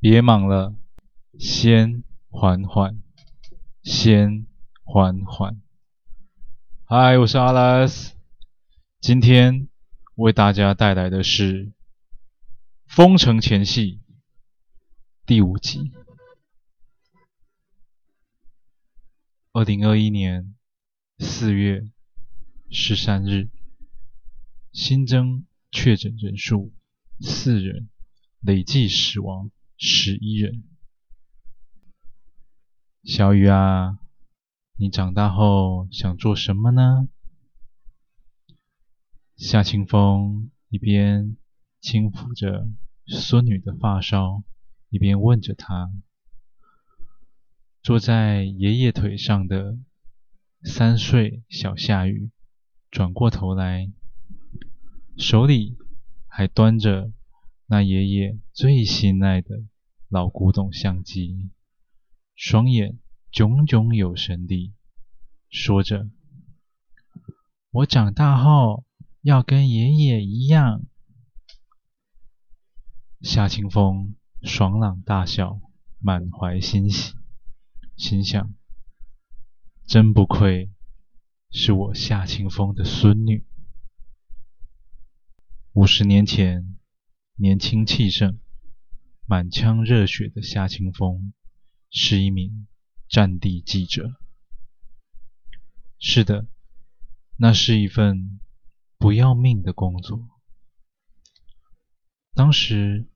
別忙了，先緩緩，先緩緩。嗨，我是阿拉斯，今天為大家帶來的是《封城前夕》第五集。二零二一年四月十三日，新增確診人數四人，累計死亡。十一人。小雨啊，你長大後想做什麼呢？夏清風一邊輕撫着孫女的髮梢，一邊問着她。坐在爺爺腿上的三歲小夏雨轉過頭來，手裡還端着。那爺爺最心愛的老古董相機，雙眼炯炯有神地，說着：“我長大後要跟爺爺一樣。”夏清風爽朗大笑，滿懷欣喜，心想：“真不愧是我夏清風的孫女。”五十年前。年輕氣盛、滿腔熱血的夏清風是一名戰地記者。是的，那是一份不要命的工作。當時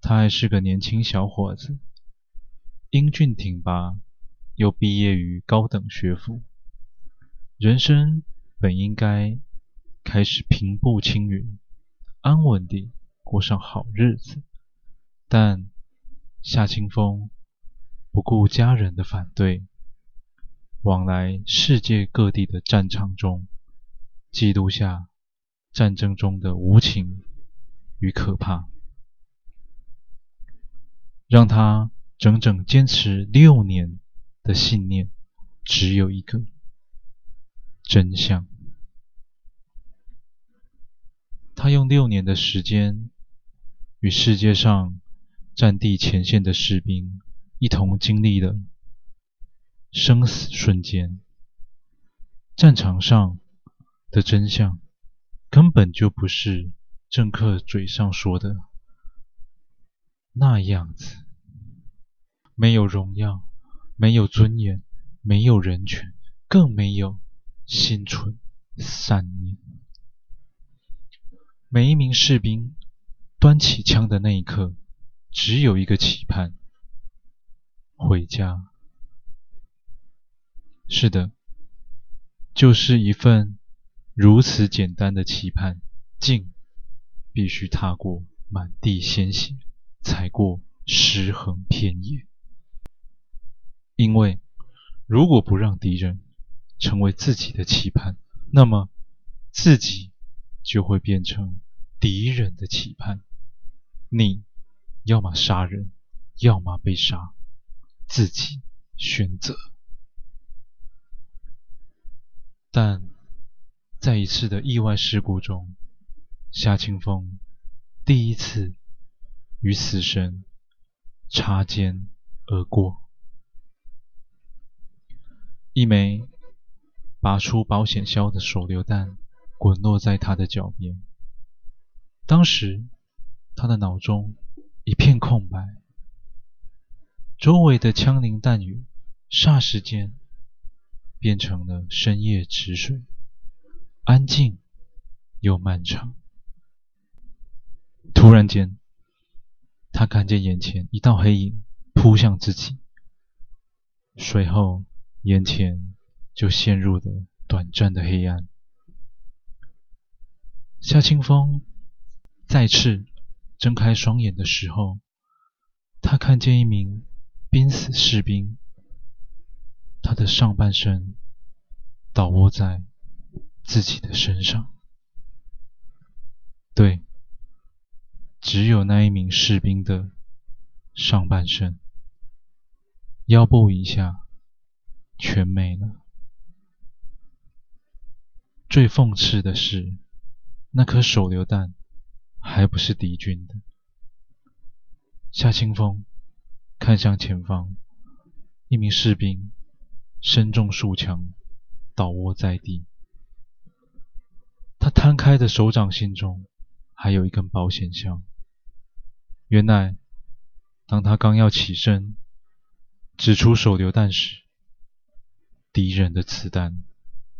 他還是個年輕小夥子，英俊挺拔，又畢業於高等學府，人生本應該開始平步青雲、安穩地。過上好日子，但夏清風不顧家人的反對，往來世界各地的戰場中，記錄下戰爭中的無情與可怕，讓他整整堅持六年的信念，只有一個：真相。他用六年的時間。與世界上戰地前線的士兵一同經歷了生死瞬間，戰場上的真相根本就不是政客嘴上說的那樣子，沒有榮耀，沒有尊嚴，沒有人權，更沒有心存善念。每一名士兵。端起槍的那一刻，只有一個期盼：回家。是的，就是一份如此簡單的期盼。竟必須踏過滿地鮮血，踩過屍橫遍野。因為，如果不讓敵人成為自己的期盼，那麼自己就會變成敵人的期盼。你要嘛殺人，要嘛被殺，自己選擇。但在一次的意外事故中，夏清風第一次與死神擦肩而過。一枚拔出保險銷的手榴彈滾落在他的腳邊，當時，他的腦中一片空白，周圍的槍林彈雨霎時間變成了深夜止水，安靜又漫長。突然間，他看見眼前一道黑影撲向自己，隨後眼前就陷入了短暫的黑暗。夏清風再次。睜開雙眼的時候，他看見一名瀕死士兵，他的上半身倒臥在自己的身上。對，只有那一名士兵的上半身，腰部以下全沒了。最諷刺的是，那顆手榴彈。還不是敵軍的。夏清風看向前方，一名士兵身中數槍，倒臥在地。他攤開的手掌心中還有一根保險銷。原來，當他剛要起身擲出手榴彈時，敵人的子彈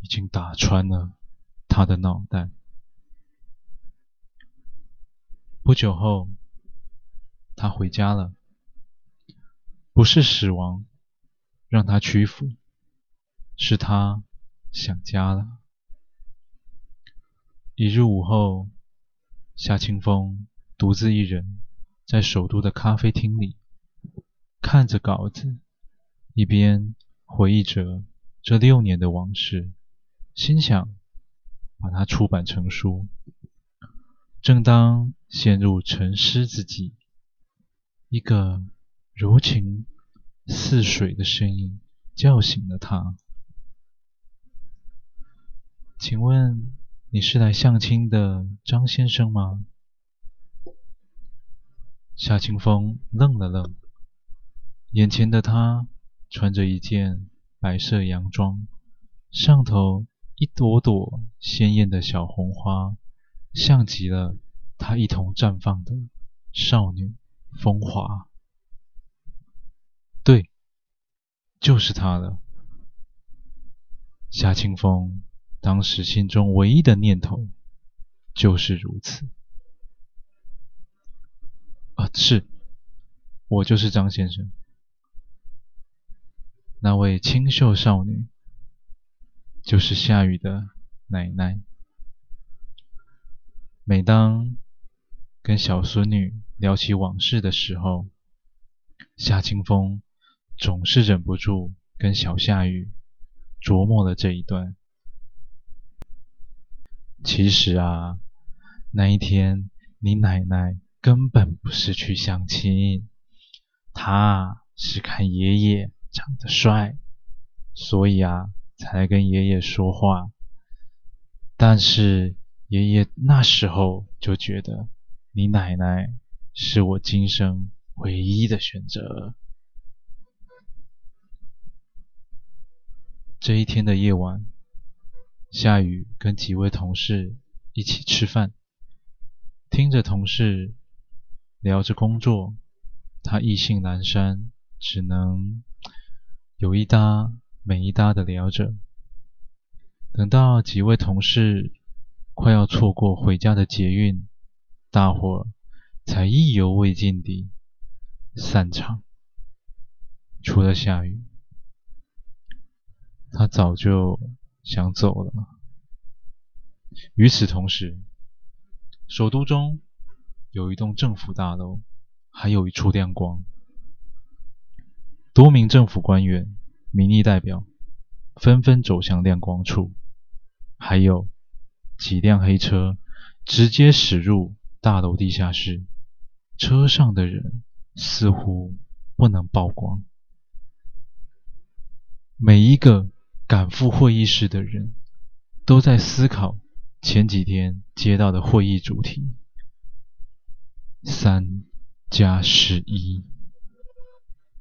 已經打穿了他的腦袋。不久後，他回家了。不是死亡讓他屈服，是他想家了。一日午後，夏清風獨自一人在首都的咖啡廳裡，看着稿子，一邊回憶着這六年的往事，心想把它出版成書。正當陷入沉思之際，一個柔情似水的聲音叫醒了他。請問你是來相親的張先生嗎？夏清風愣了愣，眼前的她穿着一件白色洋裝，上頭一朵朵鮮艷的小紅花，像極了。他一同綻放的少女風華，對，就是他了。夏清風當時心中唯一的念頭就是如此。啊，是，我就是張先生。那位清秀少女，就是夏雨的奶奶。每當。跟小孫女聊起往事的時候，夏清風總是忍不住跟小夏雨著墨了這一段。其實啊，那一天你奶奶根本不是去相親，她是看爺爺長得帥，所以啊才來跟爺爺說話。但是爺爺那時候就覺得。你奶奶是我今生唯一的選擇。這一天的夜晚，夏雨跟幾位同事一起吃飯，聽着同事聊着工作，她意興闌珊，只能有一搭沒一搭地聊着。等到幾位同事快要錯過回家的捷運。大夥才意猶未盡地散場。除了夏雨，她早就想走了。與此同時，首都中有一棟政府大樓，還有一處亮光。多名政府官員、民意代表紛紛走向亮光處，還有幾輛黑車直接駛入。大樓地下室，車上的人似乎不能曝光。每一個趕赴會議室的人，都在思考前幾天接到的會議主題：三加十一。